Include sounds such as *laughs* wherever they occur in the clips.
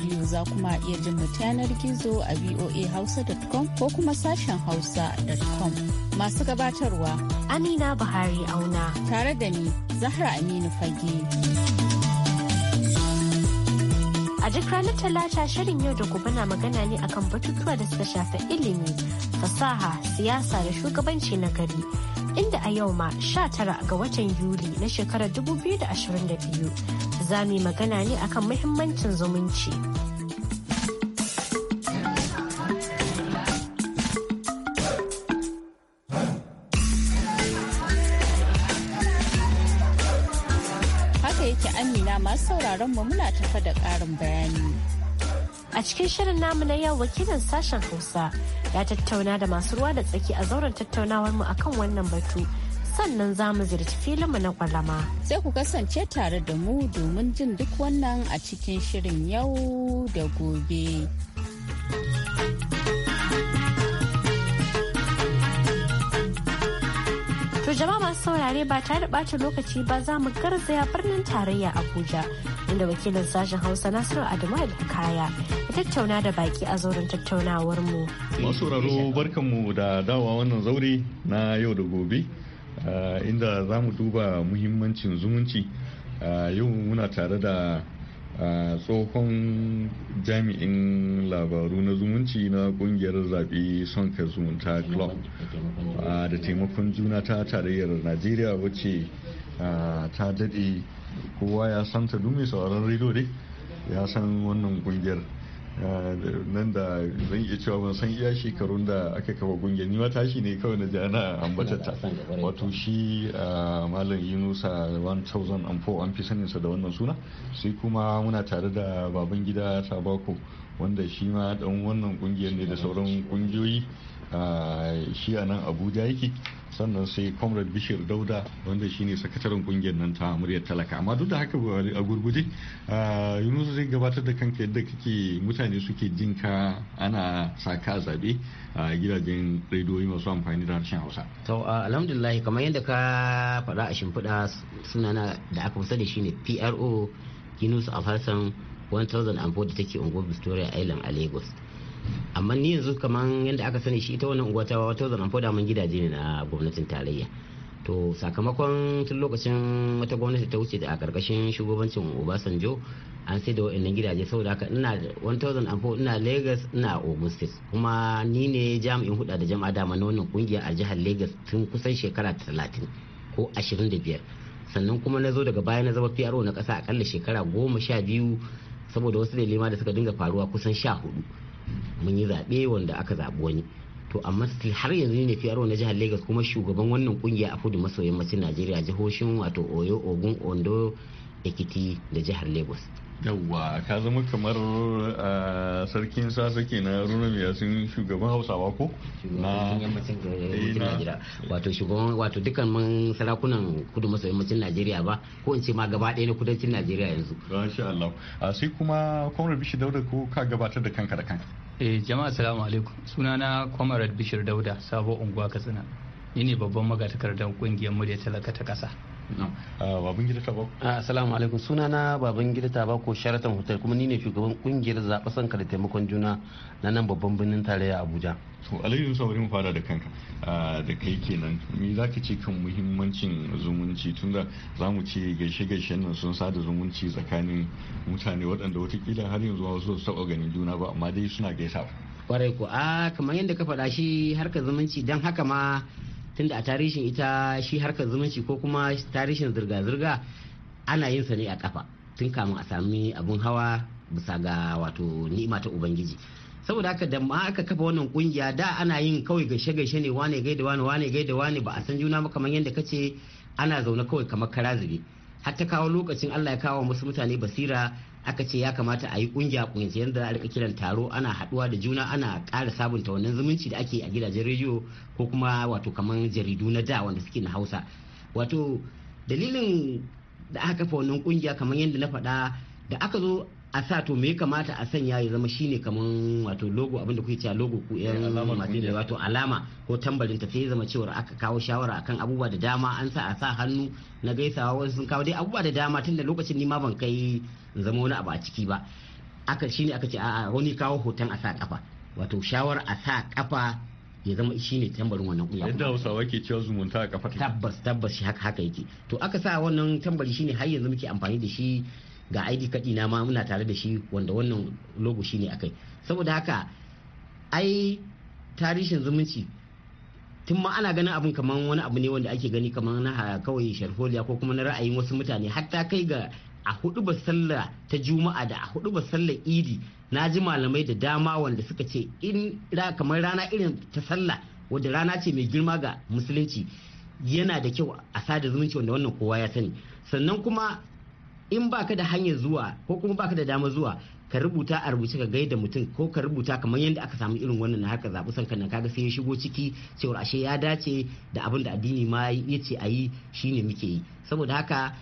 biyu za kuma iya jin mu yanar gizo a voahausa.com ko kuma sashen hausa.com. Masu gabatarwa Amina Buhari auna. Tare da ni Zahra Aminu Fage. a duk ranar talata shirin yau da gobe na magana ne akan batutuwa da suka shafi ilimi fasaha siyasa da shugabanci na gari a yau ma 19 ga watan Yuli na shekarar 2022 za mu yi magana ne akan muhimmancin zumunci. Haka yake Amina masu sauraron mu muna tafa da ƙarin bayani. A cikin shirin namu na yau wakilin sashen Hausa ya tattauna da masu ruwa da tsaki a zauren tattaunawar mu akan wannan batu sannan za mu ziyarci filinmu na kwalama. Sai ku kasance tare da mu domin jin duk wannan a cikin shirin yau da gobe. jama'a masu saurare ba tare da lokaci ba za mu garzaya birnin tarayya abuja inda wakilin sashen hausa nasiru adamu kaya ya tattauna da baki a zauren tattaunawar mu masu sauraro mu da dawa wannan zaure na yau da gobe ah, inda za mu duba muhimmancin zumunci ah, yau muna tare da tsohon jami'in labaru na zumunci na kungiyar zaɓe son ka zumunta club da taimakon juna ta tarayyar najeriya wacce ta daɗe kowa ya santa duk mai sauraron rediyo dai ya san wannan kungiyar Ah, nan da zan iya cewa ban san iya shekarun da aka kafa gungiyar ni tashi ne kawai na ji ana ambatata wato shi ah, malam yunusa 1004 an fi saninsa da wannan suna sai kuma muna tare da baban gida tabako wanda shi ma dan wannan kungiyar ne da sauran kungiyoyi ah, shi a nan abuja yake sannan sai comrade bishir dauda wanda shine sakataren kungiyar nan ta muryar talaka amma duk da haka a gurguje yunus zai gabatar da kanka yadda kake mutane suke jin ka ana ka zabe a gidajen rediyoyi masu amfani da harshen hausa to alhamdulillah kamar yadda ka faɗa a shimfiɗa sunana da aka fi da shi shine pro yunus alhassan 1004 da take unguwar victoria island a lagos amma ni yanzu kamar yadda aka sani shi ita wannan unguwa ta wata zanen foda mun gidaje ne na gwamnatin tarayya to sakamakon tun lokacin wata gwamnati ta wuce a karkashin shugabancin obasanjo an sai da wa'annan gidaje saboda haka ina 1004 ina lagos ina ogun state kuma ni ne jami'in huda da jama'a dama na wannan kungiya a jihar lagos tun kusan shekara 30 ko ashirin da biyar sannan kuma na zo daga baya na zama pro na kasa akalla shekara goma sha biyu saboda wasu da da suka dinga faruwa kusan sha hudu mun yi zaɓe wanda aka zaɓi wani to amma har yanzu ne fiyaro na jihar lagos kuma shugaban wannan kungiya a kudu maso yammacin najeriya jihohin wato oyo ogun ondo ekiti da jihar lagos yawwa ka zama kamar eh, sarkin sasa ke na rurumiya sun shugaban hausawa ko na yammacin gida eh, wato shugaban wato dukkan man sarakunan kudu maso yammacin najeriya ba ko in ce ma gaba ɗaya na kudancin najeriya yanzu masha allah sai kuma kwamar bishi dauda ko ka gabatar da kanka da kanka eh jama'a assalamu alaikum na kwamar bishir dauda sabo unguwa katsina ni ne babban magatakardar kungiyar murya talaka ta kasa ah, babban gida ta bako ah, assalamu alaikum suna na babban gida ta bako sharatan hotel kuma ni ne shugaban kungiyar zaɓe sanka da taimakon juna na nan babban birnin tarayya abuja to alayyu musa fara da kanka ah, da kai kenan me za ka ce kan muhimmancin zumunci tunda za mu ce gaishe gaishe nan sun sada zumunci tsakanin mutane waɗanda watakila har yanzu wasu su taɓa ganin juna ba amma dai suna gaisa kwarai ko a kamar yadda ka faɗa shi harkar zumunci don haka ma tunda a tarihin ita shi harkar zumunci ko kuma tarihin zirga-zirga ana yin sa ne a kafa tun kamun a sami abun hawa bisa ga wato ni'ima ta ubangiji saboda haka da ma aka kafa wannan kungiya da ana yin kawai gaishe gaishe ne wane da wane wane da wane ba a san juna ba kamar yadda kace ana zaune kawai kamar kara zube har ta kawo lokacin Allah ya kawo musu mutane basira aka ce ya kamata a yi kungiya kungiya yadda a rika kiran taro ana haduwa da juna ana ƙara sabunta wannan zumunci da ake a gidajen rediyo ko kuma wato kamar jaridu na da wanda suke na hausa wato dalilin da aka kafa wannan kungiya kamar yadda na faɗa da aka zo a sa to me kamata a sanya ya zama shine kaman wato logo abinda kuke cewa logo ku yan eh, madina wato alama ko tambarin ta sai zama cewa aka kawo shawara akan abubuwa da dama an sa a sa hannu na gaisawa wasu sun kawo dai abubuwa da dama tunda lokacin ni ma ban kai zama wani abu a ciki ba aka shine aka ce a wani kawo hoton a sa kafa wato shawar a sa kafa ya zama shi ne tambarin wannan kuya yadda hausawa ke cewa zumunta a kafa tabbas tabbas shi haka haka yake to aka sa wannan tambari shine har yanzu muke amfani da shi ga id kadi na ma muna tare da shi wanda wannan logo a kai saboda haka ai tarihin zumunci tun ma ana ganin abin kamar wani abu ne wanda ake gani kamar na kawai sharholiya ko kuma na ra'ayin wasu mutane hatta kai ga a hudu ba sallah ta juma'a da a hudu ba sallar idi na ji malamai da dama wanda suka ce in kamar rana irin ta sallah wadda rana ce mai girma ga musulunci yana da kyau a sada zumunci wanda wannan kowa ya sani sannan kuma in baka da hanyar zuwa ko kuma baka da dama zuwa ka rubuta a rubuce ka gaida mutum ko ka rubuta kamar yadda aka samu irin wannan na haka zaɓi sanka nan kaga sai ya shigo ciki cewar ashe ya dace da abin da addini ma ya ce a yi shine muke yi saboda haka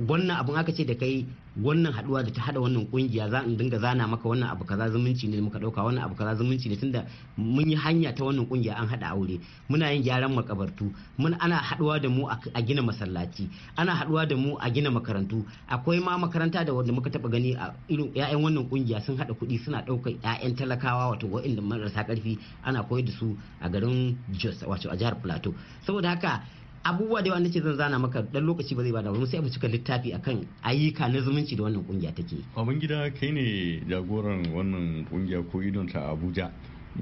wannan abin aka ce da kai wannan haduwa da ta hada wannan kungiya za in dinga zana maka wannan abu kaza zumunci ne muka dauka wannan abu kaza zumunci ne tunda mun yi hanya ta wannan kungiya an hada aure muna yin gyaran makabartu mun ana haduwa da mu a gina masallaci ana haduwa da mu a gina makarantu akwai ma makaranta da wanda muka taba gani a irin ƴaƴan wannan kungiya sun hada kuɗi suna daukar ya'yan talakawa wato waɗanda marasa karfi ana koyar da su a garin Jos wato a jihar Plateau saboda haka abubuwa da wanda ke zan zana maka dan lokaci ba zai bada mu sai mu cika littafi akan ayyuka na zumunci da wannan kungiya take abin gida kai ne jagoran wannan kungiya ko idon ta Abuja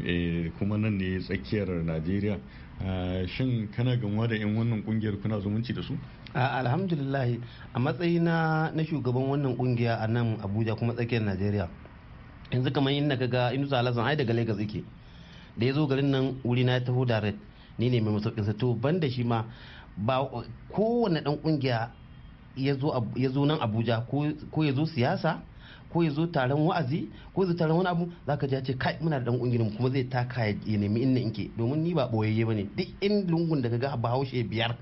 eh, kuma nan ne tsakiyar Najeriya ah, shin kana gamuwa da yan wannan kungiyar kuna zumunci da su ah, alhamdulillah a matsayina na shugaban wannan kungiya a nan Abuja kuma tsakiyar Najeriya yanzu kamar inda kaga inda zalazan ai daga Lagos yake da ya zo garin nan wuri na taho direct ni ne mai masaukin sa to da shi ma ba kowane dan kungiya ya zo nan abuja ko ya zo siyasa ko ya zo taron wa'azi ko ya zo taron wani abu za ka ja ce kai muna da dan kungiyar kuma zai taka ya nemi inna inke domin ni ba boyayye bane duk in lungun da ga bahaushe biyar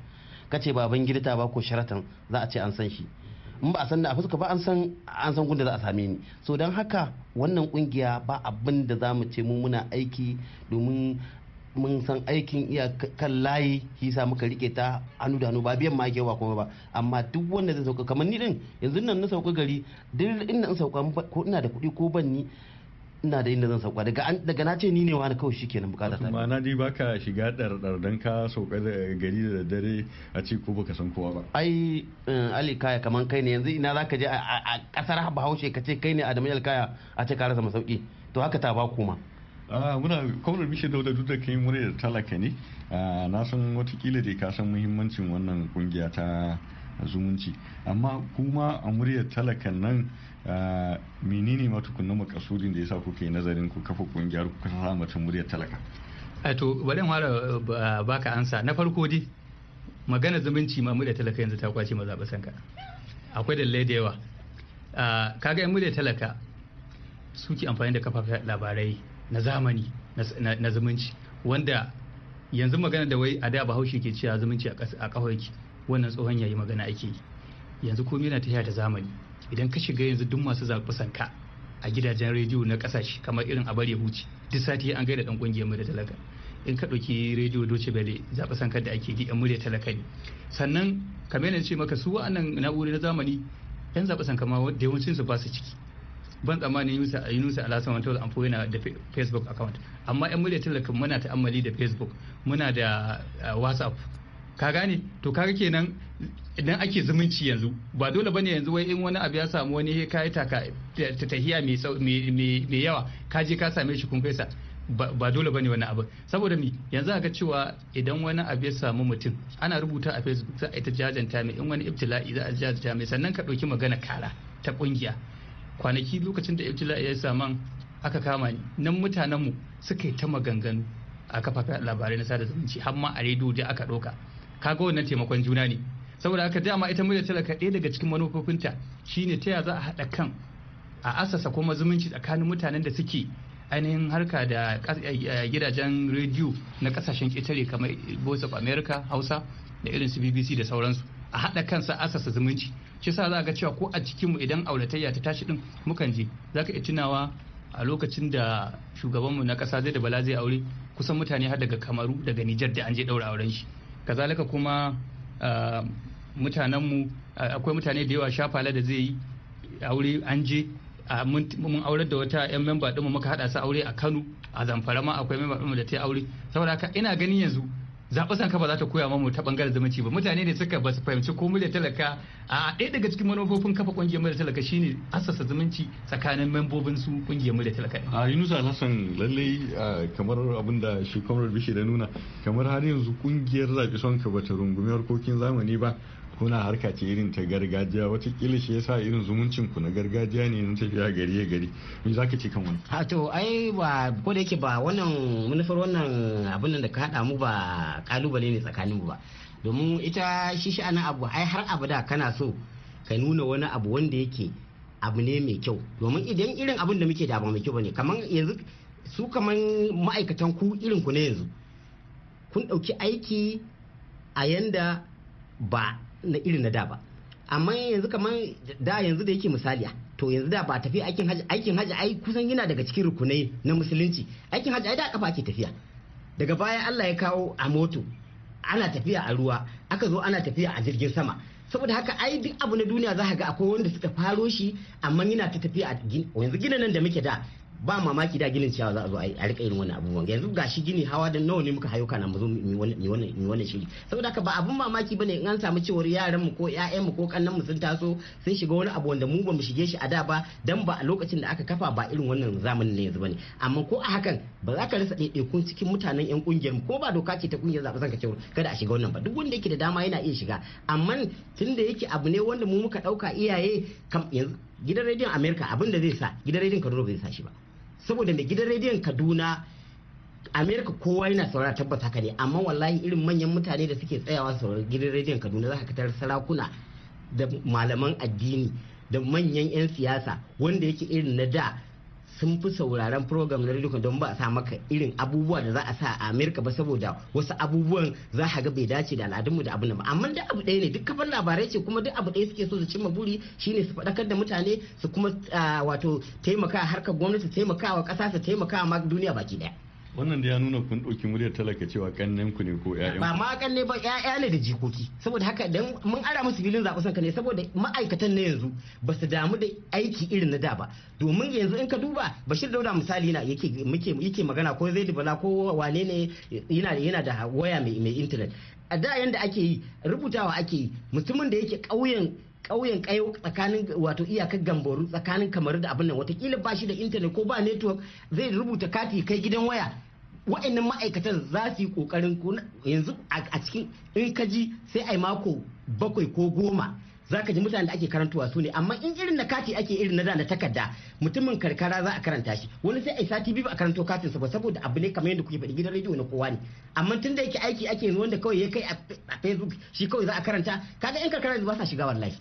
ka ce baban girta ba ko sharatan za a ce an san shi in ba a san da a fuska ba an san an san gunda za a same ni so don haka wannan kungiya ba abin da za mu ce mu muna aiki domin mun san aikin iya kan layi hisa muka rike ta hannu da hannu ba biyan ma kewa kuma ba amma duk wanda zai sauka kamar ni din yanzu nan na sauka gari duk inda in sauka ko ina da kuɗi ko ban ni ina da inda zan sauka daga na ce ni ne wani kawai shikenan bukata ta ma'ana dai baka shiga ɗarɗar dan ka sauka da gari da dare a ce ko baka san kowa ba ai eh, ali kaya kaman kai ne yanzu ina zaka je a kasar bahaushe ka ce kai ne adamu kaya a ce ka rasa masauki to haka ta ba kuma muna kwamnar bishe da duk da kai murya da talaka ne na san watakila da ka san muhimmancin wannan kungiya ta zumunci amma kuma a muryar talakan nan menene matukunna makasudin da ya sa kuke nazarin ku kafa kungiyar ku kasa mata muryar talaka to bari in fara baka ansa na farko dai magana zumunci ma muryar talaka yanzu ta kwace basan ka akwai dalilai da yawa kaga yan muryar talaka suke amfani da kafafen labarai na zamani na zumunci wanda yanzu magana da wai a da bahaushe ke cewa zumunci a kawai wannan tsohon yayi magana ake yi yanzu komai na tafiya ta zamani idan ka shiga yanzu duk masu zaɓi sanka a gidajen rediyo na kasashe kamar irin a bari huci duk sati an gaida dan kungiyar murya talaka in ka ɗauki rediyo doce bale zaɓi sankar da ake ji yan murya talaka ne sannan kamar yana ce maka su wa'annan na'urori na zamani yan zaɓi sanka ma da yawancin su ba su ciki ban tsammanin yusa a yunusa alasan wani tawar amfani na da facebook account amma yan murya talaka muna ta'ammali da facebook muna da eh, whatsapp ka gane to kaga kenan idan ake zumunci yanzu ba dole bane yanzu wai in wani abu ya samu wani ka yi ta tahiya mai yawa ka je ka same shi kun gaisa ba dole bane wani abu saboda mi yanzu aka cewa idan wani abu ya samu mutum ana rubuta a facebook za a yi ta jajanta mai in wani ibtila'i za a jajanta mai sannan ka ɗauki magana kara ta ƙungiya kwanaki lokacin da ibtila ya saman aka kama ni nan mutanenmu suka yi ta maganganu a kafa labarai na sada zumunci har ma a rediyo da aka ɗauka kaga wannan taimakon juna ne saboda haka dama ita muryar talaka ɗaya daga cikin manufofinta shine ta ya za a haɗa kan a asasa kuma zumunci tsakanin mutanen da suke ainihin harka da eh, eh, gidajen rediyo na kasashen ƙetare kamar voice of america hausa da irin su bbc da sauransu a haɗa kansa asasa zumunci shi sa za ga cewa ko a mu idan auratayya ta tashi din mukan je za ka iya tunawa a lokacin da shugabanmu na kasa zai da bala zai aure kusan mutane har daga kamaru daga nijar da an je daura auren shi kazalika kuma ah, mutanenmu akwai mutane da yawa shafala da zai yi aure an je mun aurar da wata 'yan memba dinmu muka hada su aure a kano a zamfara ma akwai memba dinmu da ta yi aure saboda haka ina ganin yanzu zaɓi sanka ba za ta koya mamu ta ɓangaren zumunci ba mutane ne suka ba su fahimci ko muryar talaka a ɗaya daga cikin manufofin kafa ƙungiyar muryar talaka shine asasa zumunci tsakanin membobin su ƙungiyar muryar talaka a yunus Hassan lallai kamar abin da shi kwamrar bishi da nuna kamar har yanzu ƙungiyar zaɓi sanka ba ta rungumi harkokin zamani ba kuna harka ce irin ta gargajiya wata kila shi yasa irin zumuncin ku na gargajiya ne na tafiya gari ya gari me za ka ce kan wani a to ai ba ko da yake ba wannan manufar wannan abin da ka haɗa mu ba kalubale ne tsakanin mu ba domin ita shi sha'anin abu ai har abu da kana so ka nuna wani abu wanda yake abu ne mai kyau domin idan irin abin da muke da ba mai kyau bane kamar yanzu su kamar ma'aikatan ku irin ku ne yanzu kun ɗauki aiki a yanda ba na irin na da ba amma yanzu kamar da yanzu da yake misali to yanzu da ba tafi aikin hajji aikin hajji ai kusan yana daga cikin rukunai na musulunci aikin hajji ai da kafa ke tafiya daga baya Allah ya kawo a moto ana tafiya a ruwa aka zo ana tafiya a jirgin sama saboda haka ai duk abu na duniya za ga akwai wanda suka faro shi amma yana ta tafiya a yanzu gina nan da muke da ba mamaki da ginin ciyawa za a zo a rika irin wani abubuwan yanzu gashi gini hawa da nawa ne muka hayo kana mu zo mu wannan shiri saboda haka ba abun mamaki bane in an samu cewar yaran mu ko ƴaƴan mu ko kannan mu sun taso sun shiga wani abu wanda mu ba mu shige shi a da ba dan ba a lokacin da aka kafa ba irin wannan zamanin ne yanzu bane amma ko a hakan ba za ka rasa ɗaiɗaikun cikin mutanen ƴan kungiyar mu ko ba doka ce ta kungiyar zaɓe zan ka cewar kada a shiga wannan ba duk wanda yake da dama yana iya shiga amma tunda yake abu ne wanda mu muka ɗauka iyaye kam yanzu gidan rediyon amerika abin da zai sa gidan rediyon kaduna bai sa shi ba saboda mai gidan rediyon kaduna amerika kowa yana saurara tabbas haka ne amma wallahi irin manyan mutane da suke tsayawa saurara gidan rediyon kaduna za ka katar sarakuna da malaman addini da manyan 'yan siyasa wanda yake irin na da sun fi sauraron program na radio don ba a sa maka irin abubuwa da za a sa a amerika ba saboda wasu abubuwan za a ga bai dace da al'adunmu da abin ba amma duk abu ɗaya ne duk kafar labarai ce kuma duk abu ɗaya suke so su cimma buri shine su faɗakar da mutane su kuma ah, wato taimaka harkar gwamnati taimakawa ƙasa su taimakawa ma duniya baki ɗaya wannan da ya nuna kun ɗauki muryar talaka cewa kannen ku ne ko ƴaƴan ba ma kanne ba ƴaƴa ne da jikoki saboda haka dan mun ara musu filin zaɓe sanka ne saboda ma'aikatan na yanzu ba su damu da aiki irin na da ba domin yanzu in ka duba Bashir Dauda misali na yake muke yake magana ko zai dubala ko wane ne yana yana da waya mai mai internet a da yanda ake yi rubutawa ake yi mutumin da yake ƙauyen ƙauyen kayo tsakanin wato iyakar gambaru tsakanin kamar da abin nan watakila ba shi da intanet ko ba network zai rubuta kati kai gidan waya wa'annan ma'aikatan za su yi kokarin yanzu a cikin in ka ji sai ai mako bakwai ko goma za ka ji mutane da ake karantuwa su ne amma in irin na kati ake irin na na takarda mutumin karkara za a karanta shi wani sai a sati biyu a karanto katin sa ba saboda abu ne kamar yadda kuke faɗi gidan rediyo na kowa ne amma tun da yake aiki ake yanzu wanda kawai ya kai a facebook shi kawai za a karanta kaga yan karkara ba sa shiga wallahi.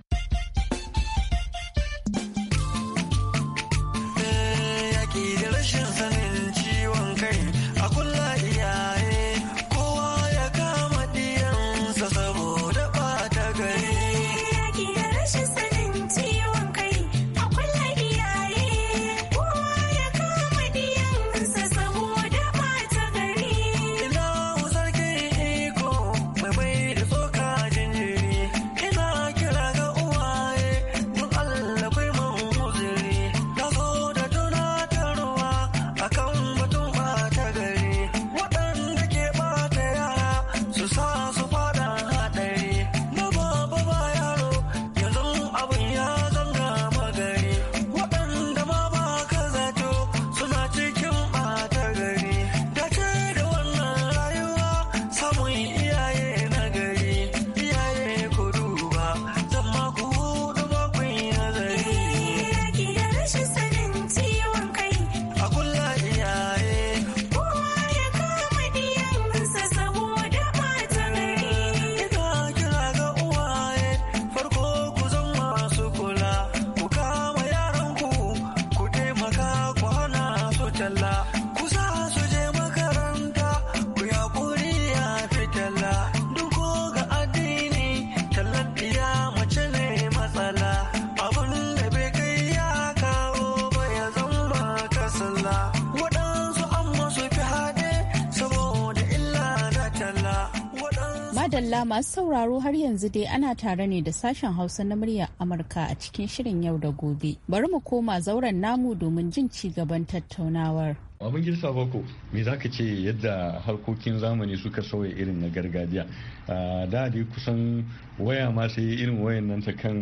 madalla masu sauraro har yanzu dai ana tare ne da sashen hausa na muryar amurka a cikin shirin yau da gobe bari mu koma zauren namu domin jin ci gaban tattaunawar abin Girsa Bako, me za ka ce yadda harkokin zamani suka sauya irin na gargajiya? Da dai kusan waya ma sai irin wayan nan ta kan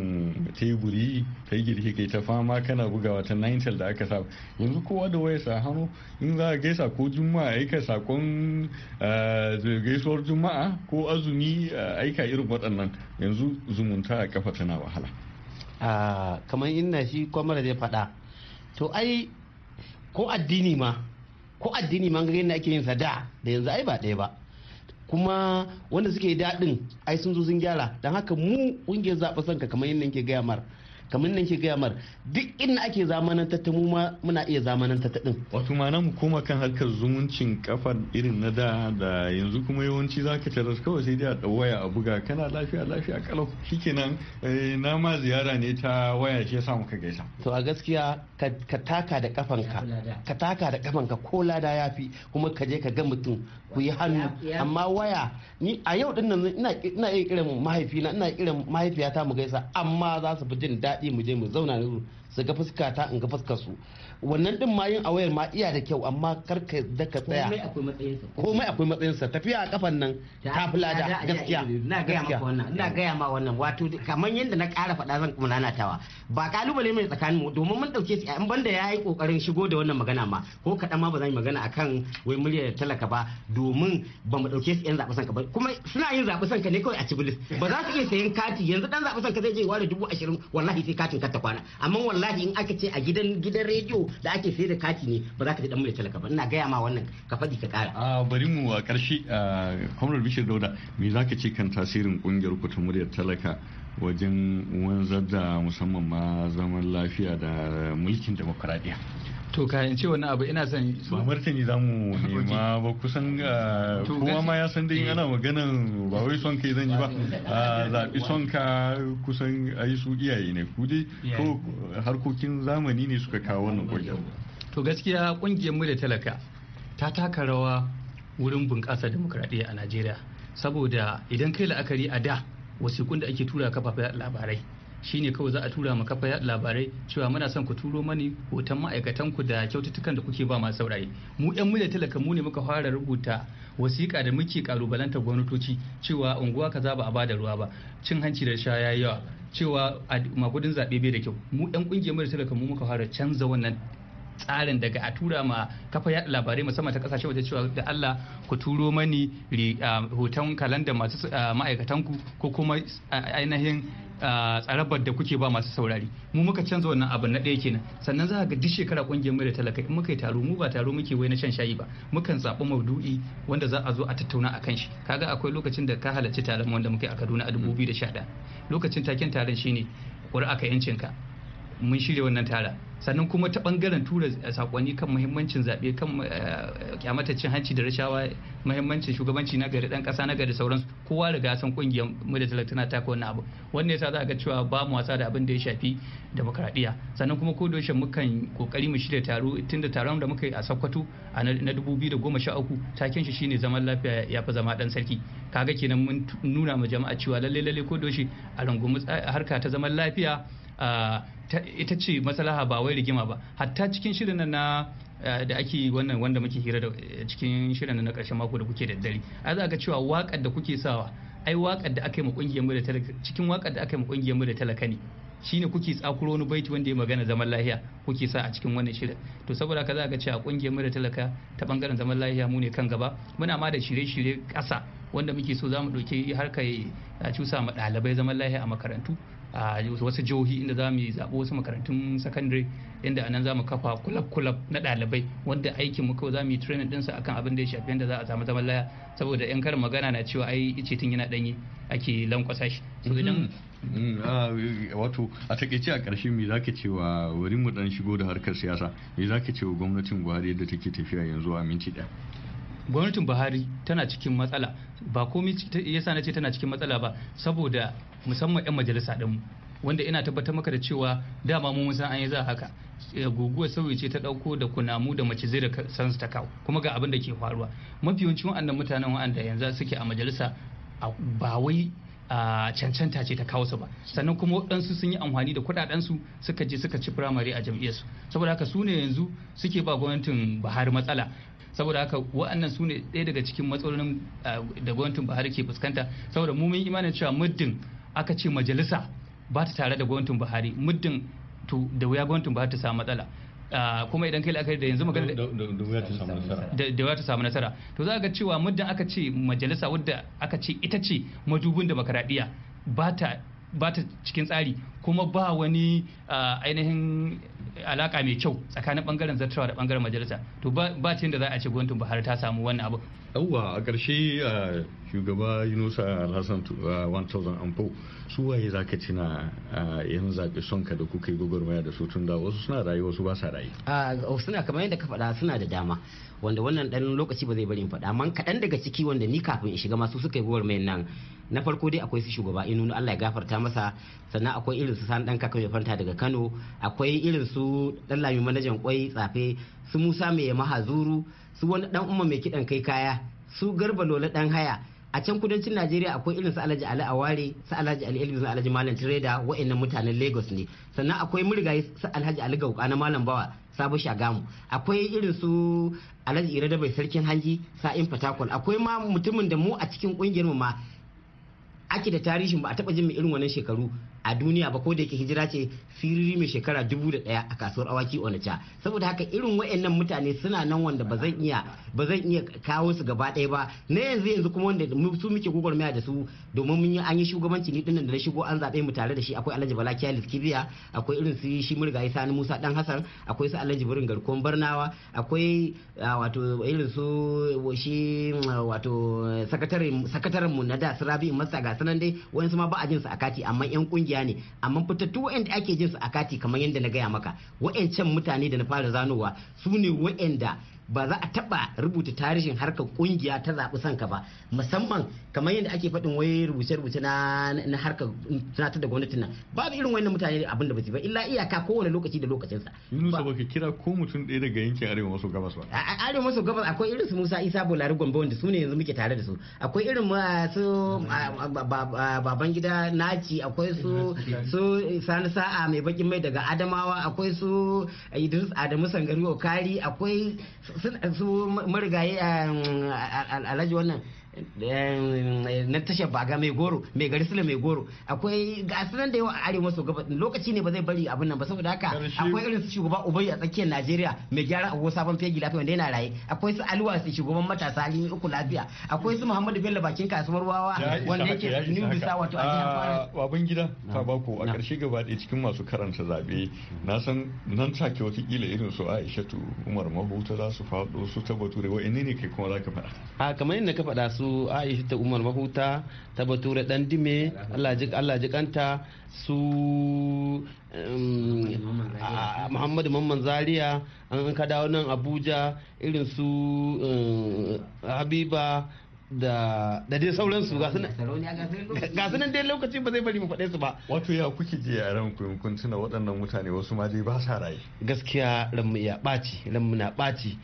teburi, ta girki kai ta fama kana bugawa ta Nintel da aka saba. Yanzu kowa da waya sa hannu in za a gaisa ko Juma'a aika sakon gaisuwar Juma'a ko azumi aika irin waɗannan yanzu zumunta a kafa tana wahala. kamar inna shi kwamar zai faɗa to ai ko addini ma ko addini ma ga yadda ake yin sa da da yanzu ai ba ɗaya ba kuma wanda suke daɗin ai sun zo sun gyara don haka mu ƙungiyar zaɓe sanka kamar yadda nake gaya mara. kamar nan ke gaya mar duk inda ake zamanantar ta mu ma muna iya zamanantar ta din wato ma mu koma kan harkar zumuncin kafar irin na da da yanzu kuma yawanci zaka tarar kawai sai dai a dau waya a buga kana lafiya lafiya kalau shikenan eh, na ma ziyara ne ta waya shi yasa muka gaisa to a gaskiya ka taka da kafanka ka taka da kafanka ko lada yafi kuma ka je ka ga mutum ku yi hannu amma waya ni a yau din nan ina iya kiran mahaifina ina kiran mahaifiyata mu gaisa amma za su fi jin daɗi daɗi mu je mu zauna su ga fuska ta in ga fuskar su wannan din ma yin awayar ma iya da kyau amma kar ka da ka tsaya komai akwai matsayin sa tafiya a kafan nan ta fulada gaskiya na gaya maka wannan ina ga ma wannan wato kamar yanda na ƙara faɗa zan kuma nanatawa ba kalubale mai tsakanin mu domin mun dauke shi in banda yayi kokarin shigo da wannan magana ma ko kaɗan ma ba zan yi magana akan wai muryar talaka ba domin ba mu dauke shi yan zaɓi sanka ba kuma suna yin zaɓe sanka ne kawai a cibilis ba za su iya sayan kati yanzu dan zaɓe sanka zai je ware dubu ashirin wallahi sai katin ka kwana amma wallahi wallahi in aka ce a gidan gidan rediyo da ake sai da kati ne ba za ka ji dan mai talaka ba ina gaya ma wannan ka faɗi ka ƙara. a ah, bari mu a karshe a ah, kwamnar bishir dauda me za ka ce kan tasirin ƙungiyar ku ta muryar talaka wajen wanzar da musamman ma zaman lafiya da mulkin demokuraɗiyya. to kayan yance wani abu ina son ba martani za mu *laughs* nema ba kusan ah, kowa ma ya san dai ana maganan ba wai son kai zan yi ba *laughs* ah, zaɓi son ka kusan yi su iyaye ne ku dai ko harkokin zamani ne suka kawo wannan ƙungiyar to gaskiya ƙungiyar mu da talaka ta taka rawa wurin bunƙasa demokradiyya a najeriya saboda idan kai la'akari a da wasiƙun da ake tura kafafen labarai shine kawai za a tura mu kafa labarai cewa muna son ku turo mani hoton ma'aikatan ku da kyaututtukan da kuke ba masu saurayi mu yan murya talaka mu ne muka fara rubuta wasiƙa da muke kalubalanta gwamnatoci cewa unguwa kaza ba a bada ruwa ba cin hanci da sha yayi yawa cewa magudin zaɓe bai da kyau mu yan ƙungiyar mu talaka mu muka fara canza wannan tsarin daga a tura ma kafa yaɗa labarai musamman ta kasashe waje cewa da Allah ku turo mani hoton kalanda masu ma'aikatanku ko kuma ainihin tsarabar da kuke ba masu saurari mu muka canza wannan abu na ɗaya kenan sannan za a ga duk shekara ƙungiyar mu da talaka in muka yi taro mu ba taro muke wai na shan shayi ba mukan zaɓi maudu'i wanda za a zo a tattauna a kan shi kaga akwai lokacin da ka halarci taron wanda muka yi a Kaduna a 2011 lokacin taken taron shine aka yancin ka mun shirya wannan tara sannan kuma ta bangaren tura eh, sakonni kan muhimmancin zaɓe kan kyamata eh, cin hanci da rashawa muhimmancin shugabanci na gari dan ƙasa na gari sauransu kowa riga san kungiyar mu da talatin ta wannan abu wanda yasa za ga cewa ba mu wasa da abin da ya shafi demokradiya sannan kuma ko doshe mukan kokari mu shirya taro tunda taron da muka yi a Sokoto a na 2013 taken shi shine zaman lafiya ya fi zama dan sarki kaga kenan mun nuna ma jama'a cewa lalle lalle ko doshe a rungumi eh, harka ta zaman lafiya ah, ita ce maslaha ba wai rigima ba hatta cikin shirin na eh, da ake wannan wanda muke hira da eh, cikin shirin na karshen mako da kuke daddare ai za ka cewa wakar da kuke sawa ai wakar da aka yi mu kungiyar mu da talaka cikin wakar da aka yi mu kungiyar mu da talaka ne shine kuke tsakuro wani baiti wanda ya magana zaman lahiya kuke sa a cikin wannan shirin to saboda ka za ka cewa kungiyar mu da talaka ta bangaren zaman lahiya mu ne kan gaba muna ma da shirye-shirye ƙasa wanda muke so za mu ɗauki harkar eh, a cusa ma ɗalibai zaman lahiya a makarantu a wasu jihohi inda za mu yi zaɓo wasu makarantun sakandare inda a nan za mu kafa kulab-kulab na ɗalibai wanda aikin mu kawai za mu yi training ɗinsa akan abin da ya shafi yadda za a samu zaman laya saboda yan karin magana na cewa ai ice tun yana ɗanyi ake lankwasa shi. Mm-hmm. Mm-hmm. Ah, wato a takaice a ƙarshe me zaka ce wa wurin mu dan shigo da harkar siyasa me zaka ce wa gwamnatin Buhari da take tafiya yanzu a minti ɗaya. gwamnatin buhari tana cikin matsala ba komai yasa na ce tana cikin matsala ba saboda musamman 'yan majalisa ɗinmu wanda ina tabbatar maka da cewa dama mu san an yi za haka eh, guguwar sauyi ce ta dauko da kunamu da mace zai da san su ta kuma ga abin da ke faruwa mafi yawancin waɗannan mutanen waɗanda yanzu suke a majalisa ba wai a cancanta ce ta kawo su ba sannan kuma waɗansu sun yi amfani da kuɗaɗensu suka je suka ci firamare a jam'iyyarsu saboda haka su ne yanzu suke ba gwamnatin buhari matsala saboda haka wa'annan su ne ɗaya daga cikin matsalolin eh, da gwamnatin buhari ke fuskanta saboda mu mun imanin cewa muddin aka ce majalisa ba ta tare da gwamnatin buhari muddin to da wuya gwamnatin buhari ta samu matsala ah, kuma idan kai la'akari da yanzu magana da wuya ta samu nasara to za ga cewa muddin aka ce majalisa wadda aka ce ita ce madubin demokaradiyya ba ta ba ta cikin tsari kuma ba wani ainihin alaka mai kyau tsakanin bangaren Zartarwa da bangaren majalisa to ba ce da za a ce gwamnatin buhari ta samu wannan abu yawwa a ƙarshe shugaba yunusa alhassan 1004 su waye za ka cina yan zaɓe ka da kuka yi gwagwarmaya da su tun da wasu suna rayu wasu ba sa rayu suna kamar yadda ka faɗa suna da dama wanda wannan ɗan lokaci ba zai bari in faɗa man kaɗan daga ciki wanda ni kafin in shiga masu suka yi gwagwarmayar nan na farko dai akwai su shugaba inunu Allah ya gafarta masa sannan akwai irin su sani dan kaka mai fanta daga Kano akwai irin su dan lami manajan kwai tsafe su Musa mai maha zuru su wani dan umma mai kidan kai kaya su garba lola dan haya a can kudancin najeriya akwai irin su alhaji ali aware su alhaji ali su alhaji malam tireda wa'annan mutanen lagos ne sannan akwai murigayi su alhaji ali gauka na malam bawa sabu shagamu akwai irin su alhaji ira da bai sarkin hanji sa'in fatakwal akwai ma mutumin da mu a cikin kungiyar mu ma ake da tarihin ba a taba jin irin wannan shekaru a duniya ba ko da yake hijira ce firiri mai shekara dubu da ɗaya a kasuwar awaki onacha saboda haka irin wayannan mutane suna nan wanda ba zan iya ba zan iya kawo su gaba ɗaya ba na yanzu yanzu kuma wanda su muke gwagwarmaya da su domin mun yi an yi shugabanci ni dinnan da na shigo an zaɓe mu tare da shi akwai Alhaji Bala Kyalis Kibiya akwai irin su shi isa Sani Musa Dan Hassan akwai su Alhaji Burin Garkon Barnawa akwai wato irin su shi wato sakataren mu na da su Rabi Masa ga sanan dai wayansu ma ba a jin su a kati amma yan kungiya gaskiya ne amma fitattu wa'anda ake jinsu a kati kamar yadda na gaya maka wa'ancan mutane da na fara zanowa su ne wa'anda ba za a taba rubuta tarihin harkar kungiya ta zaɓi sanka ba musamman kamar yadda ake faɗin wai rubuce-rubuce na na harkar tunatar da gwamnatin nan babu irin wannan mutane abin da ba su ba illa iyaka kowane lokaci da lokacinsa Yunusa ba ka kira ko mutum ɗaya daga yankin arewa maso gabas ba a arewa maso gabas akwai irin su Musa Isa Bolari Gombe wanda su ne yanzu muke tare da su akwai irin su baban gida Naci akwai su su Sani Sa'a mai bakin mai daga Adamawa akwai su Idris Adamu Sangari Okari akwai su marigayi um, alhaji wannan Eh, na tashar baga mai goro mai garisila mai goro akwai ga nan da yawa a arewa maso gabas lokaci ne ba zai bari abin nan ba saboda haka akwai irin su shugaba ubai a tsakiyar najeriya mai gyara agogo sabon fegi lafiya wanda yana raye akwai su aliwa su shugaban matasa alimi uku lafiya akwai su muhammadu bello bakin kasuwar wawa wanda yake new bisa wato ah, a jihar fara gida ta bako a ƙarshe gaba ɗaya cikin masu karanta zaɓe na san nan take watakila irin su aishatu umar mahuta za su faɗo su da wa'anne ne kai kuma za ka faɗa a ah, kamar yadda ka faɗa su su aisha ta umar mahuta ta bature dan dime allah kanta su muhammadu mamman zaria an ka dawo nan abuja irin su habiba da da dai sauransu ga su nan dai lokaci ba zai bari mu faɗe su ba wato ya kuke je a ran kun kun tuna waɗannan mutane wasu ma dai ba sa raye gaskiya ran mu iya ɓaci ran mu na ɓaci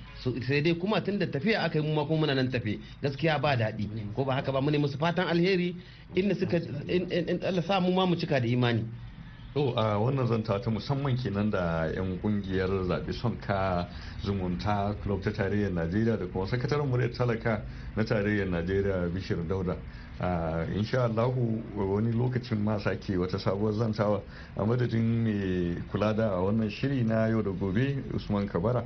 sai dai kuma tun da tafiya aka yi mu ma kuma muna nan tafe gaskiya ba daɗi ko ba haka ba mu ne musu fatan alheri inda suka Allah sa mu ma mu cika da imani To a wannan zanta ta musamman kenan da 'yan kungiyar zaɓi son ka zumunta club ta tarayyar Najeriya da kuma sakataren muryar talaka na tarayyar Najeriya Bishir Dauda. insha Allahu wani lokacin ma sake wata sabuwar zantawa a madadin mai kula da wannan shiri na yau da gobe Usman Kabara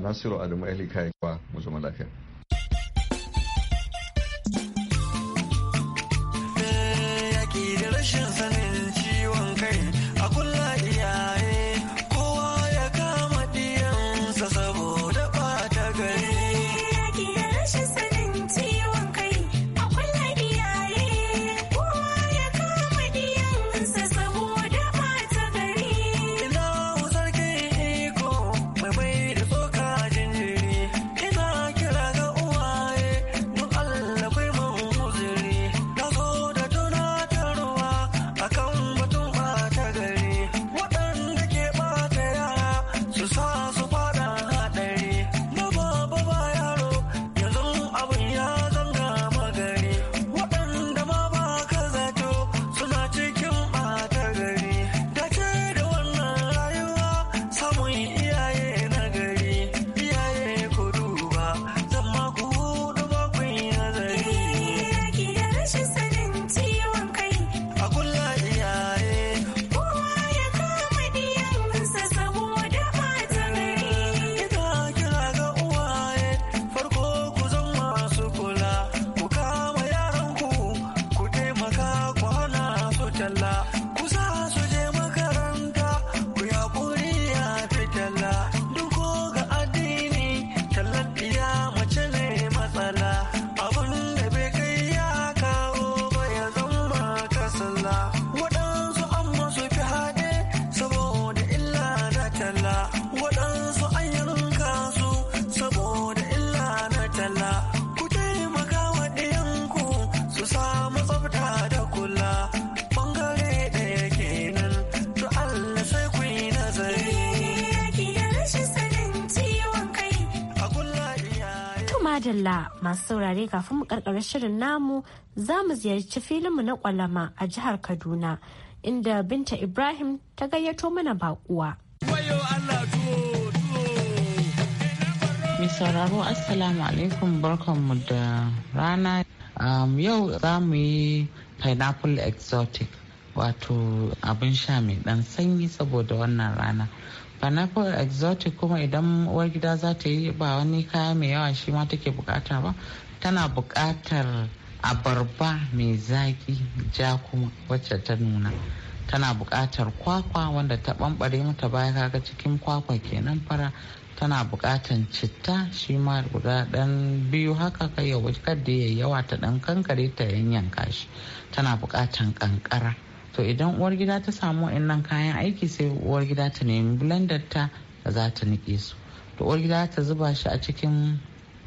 Nasiru Adamu Ali Kayawa mu zama lafiya. madalla masu saurare kafin mu karkarar shirin namu za mu ziyarci mu na kwalama a jihar Kaduna inda Binta Ibrahim ta gayyato mana bakuwa. Mai sauraro Assalamu alaikum barkanmu da rana. yau za mu yi pineapple exotic wato abin sha mai dan sanyi saboda wannan rana. pineapple exotic kuma idan uwar gida za ta yi ba wani kaya mai yawa shi ma take bukata ba tana bukatar abarba mai zaki ja kuma wacce ta nuna tana bukatar kwakwa wanda ta bambare mata baya kaga cikin kwakwa kenan fara tana bukatan citta shi ma guda dan biyu haka kai ya wuce da yawa ta dan kankare ta yanyanka shi tana bukatan kankara to idan uwar gida ta samu wa'annan kayan aiki sai uwar gida ta nemi blender ta za ta nike su to uwar gida ta zuba shi a cikin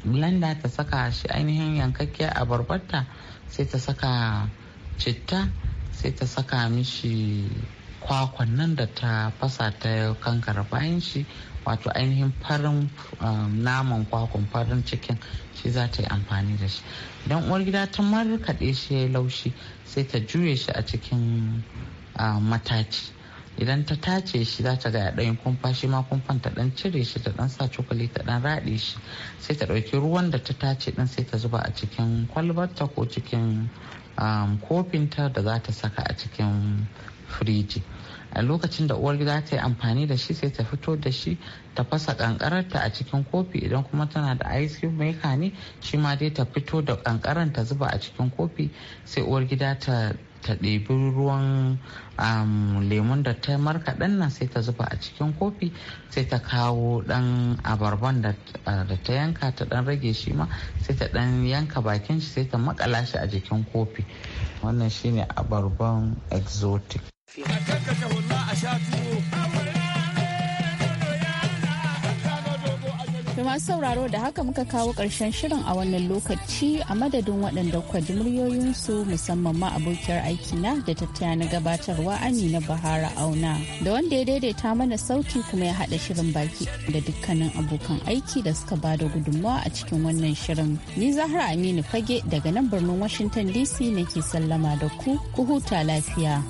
blender ta saka shi ainihin a abarbarta sai ta saka citta sai ta saka mishi kwakwan nan da ta fasa ta kankara bayan shi wato ainihin farin um, naman kwakwan farin cikin shi za ta yi amfani da shi don uwar gida ta markaɗe shi ya laushi sai ta juye shi a cikin um, mataci idan ta tace shi za ta ga ɗayan kumfa shi ma kumfan ta ɗan cire shi ta ɗan sa cokali ta ɗan raɗe shi sai ta ɗauki ruwan da ta tace ɗin sai ta zuba a cikin kwalbarta ko cikin um, kofinta da za ta saka a cikin firiji a lokacin da uwar gida ta yi amfani da shi sai ta fito da shi ta fasa kankarar ta a cikin kofi idan kuma tana da ice cream maker ne shi ma dai ta fito da kankaran ta zuba a cikin kofi sai uwar gida ta ta ɗebi ruwan lemun da ta marka nan sai ta zuba a cikin kofi sai ta kawo ɗan abarban da ta yanka ta ɗan rage shi ma sai ta ɗan yanka bakin shi sai ta makala shi a jikin kofi wannan shine abarban exotic lafiya. masu sauraro da haka muka kawo ƙarshen shirin a wannan lokaci a madadin waɗanda kwa muryoyinsu musamman ma abokiyar aiki na da tattaya na gabatarwa amina bahara auna da wanda ya daidaita mana sauti kuma ya haɗa shirin baki da dukkanin abokan aiki da suka ba da gudunmawa a cikin wannan shirin ni zahra aminu fage daga nan birnin washington dc nake sallama da ku ku huta lafiya.